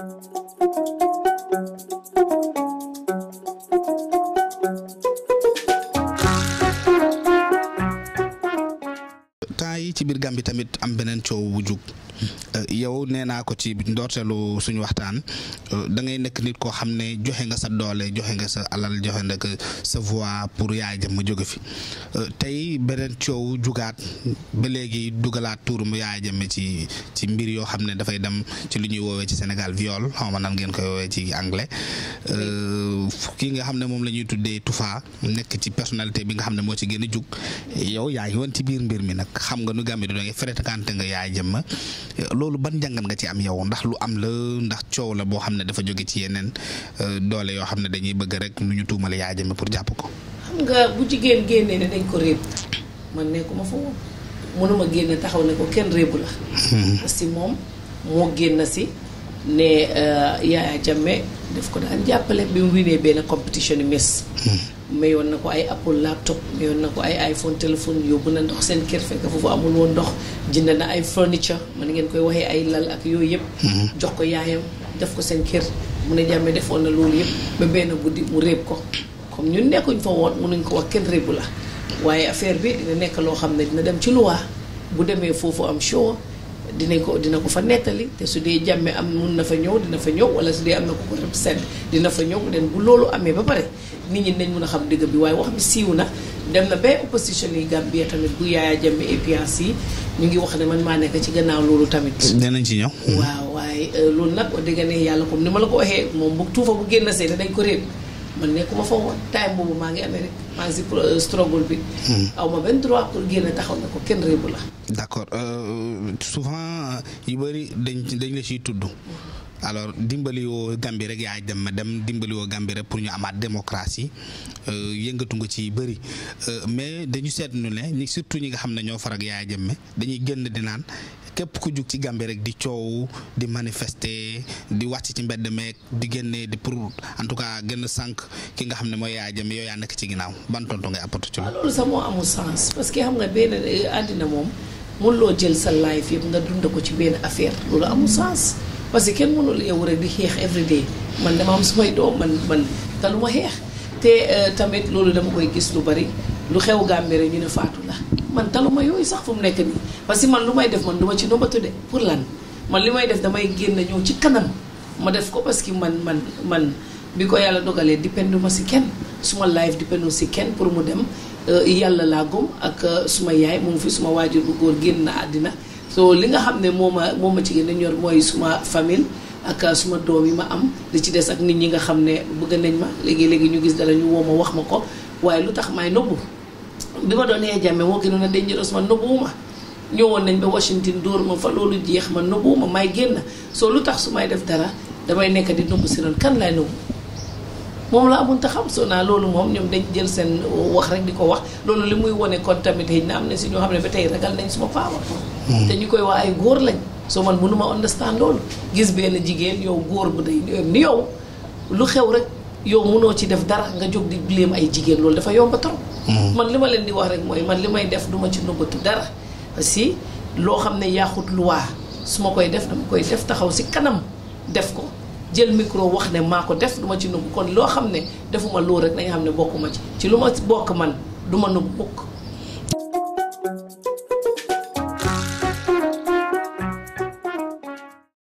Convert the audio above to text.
temps yi ci biir Gàmbi tamit am beneen coow bu jug Euh, yow nee naa ko ci ndoorteelu suñu waxtaan euh, dangay nekk nit koo xam ne joxe nga sa doole joxe nga sa alal joxe nga sa voix pour yaay jëm ma fi euh, tey beneen coow ba léegi dugalaat tuuram yaay jëm ci ci mbir yoo xam ne dafay dem ci lu ñuy woowee ci Sénégal viol xaw ma nan ngeen koy woowee ci anglais kii nga xam ne moom la ñuy tuddee Toufa nekk ci personnalité bi nga xam ne moo ci gën a jug yow yaay ngi woon ci biir mbir mi nag xam nga nu gàmmi du da ngay nga yaay jëm loolu ban njàngat nga ci am yow ndax lu am la ndax coow la boo xam ne dafa jóge ci yeneen euh, doole yoo xam ne dañuy bëgg rek lu ñu tuumale yaa jëme pour jàpp ko. xam nga bu jigéen génnee ne dañ ko réeb man nekkuma fa woon mënuma génn taxaw ne ko kenn réebu la. Mhm. si moom moo génn si ne euh, Yaya Jammeh daf ko daan jàppale bi mu winee benn compétition Miss. mayoon na ko ay Apple laptop mayoon na ko ay iPhone téléphone yóbbu na ndox seen kër fekk foofu amul woon ndox jënd na ay furniture man ngeen koy waxee ay lal ak yooyu yëpp. Mhm. jox ko yaayam def ko seen kër mu ne jàmme defoon na loolu yëpp ba benn guddi mu réeb ko comme ñun nekkuñ fa woon mënuñ ko wax kenn réebu la waaye affaire bi dina nekk loo xam ne dina dem ci luwaa bu demee foofu am show dinañ ko dina ko fa nettali te su dee jàmme am mun na fa ñëw dina fa ñëw wala su dee am na ko ko représente dina fa ñëw dem bu loolu amee ba pare nit ñi nañ mun a xam dëgg bi waaye wax bi siiw na dem na ba opposition yi Gambie tamit bu Yaya Jammeh épiance yi ñu ngi wax ne man maa nekk ci gannaaw loolu tamit. dinañ ci ñëw. waaw waaye euh, loolu nag o dëgg yàlla comme ni ma la ko waxee moom bu tuufa bu génn see dañ ko réer. man nekkuma fa woon time boobu maa ngi Amérique maa ngi si euh, bi. Hmm. aw ma benn droit pour génn taxaw na ko kenn réew la. d'accord euh, souvent yu bëri dañ dañ la ciy tudd. Hmm. alors dimbali woo Gambie rek yaay dem ma dem dimbali woo Gambie rek pour ñu amaat démocratie euh, yëngatu nga ci bëri mais dañu seetlu ne surtout ñi nga xam ne ñoo farak yaay jëmme dañuy génn di naan képp ku jug ci Gambie rek di coow di manifeste di wàcc ci mbedd meek di génne di pour en tout cas gën sànq ki nga xam ne mooy yaa jëm yow yaa nekk ci ginnaaw ban tontu ngay apporter ci loolu ah, sax amul sens parce que xam nga benn àddina moom mënuloo jël sa life yëpp nga dund ko ci benn affaire loolu amul sens parce que kenn mënul yow rek di xeex every day man dama am sumay doom man man lu ma xeex te euh, tamit loolu dama koy gis lu bari. lu xew Gàmbi rek ñu ne faatu la man taluma yooyu sax fu mu nekk nii parce que man lu may def man du ma ci nëbbatu de pour lan man li may def damay génn ñëw ci kanam ma def ko parce que man man man bi ko yàlla dogalee dépenduma si kenn suma life dépenduma si kenn pour mu dem euh, yàlla laa gëm ak euh, suma yaay moom ngi fi suma waajur bu góor génn na àddina so li nga xam ne moo ma moom ma ci génn a ñor mooy suma famille ak euh, suma doom yi ma am li ci des ak nit ñi nga xam ne bëgg nañ ma léegi-léegi ñu gis dara ñu woo ma wax ma ko waaye lu tax may nëbbu bi ma doon yee jàmme moo gënoon a dangereux man nëbbuwuma ñëwoon nañ ba Washington dóor ma fa loolu jeex ma nëbbuwuma may génn soo lu tax su may def dara damay nekk di nëbbu si noonu kan lay nëbbu moom la amun taxaw xam soo naa loolu moom ñoom dañ jël seen uh, wax rek di ko wax loolu li muy wone kon tamit xëy na am na si ñoo xam ne ba tey ragal nañ suma faama hmm. te ñu koy wax ay góor lañ soo man mënuma understand loolu gis benn jigéen yow góor bu day ni yow yow munoo ci def dara nga jóg di bileem ay jigéen loolu dafa yomb trop. Hmm. man li ma leen di wax rek mooy man li may def duma ci nëbbatu dara. si loo xam ne yaaxut luwaa su ma koy def dama koy def taxaw si kanam def ko jël micro wax ne maa ko def duma ci nëbb kon loo xam ne defuma loo rek dañu xam ne bokkuma ci. ci lu ma bokk man duma nëbb mukk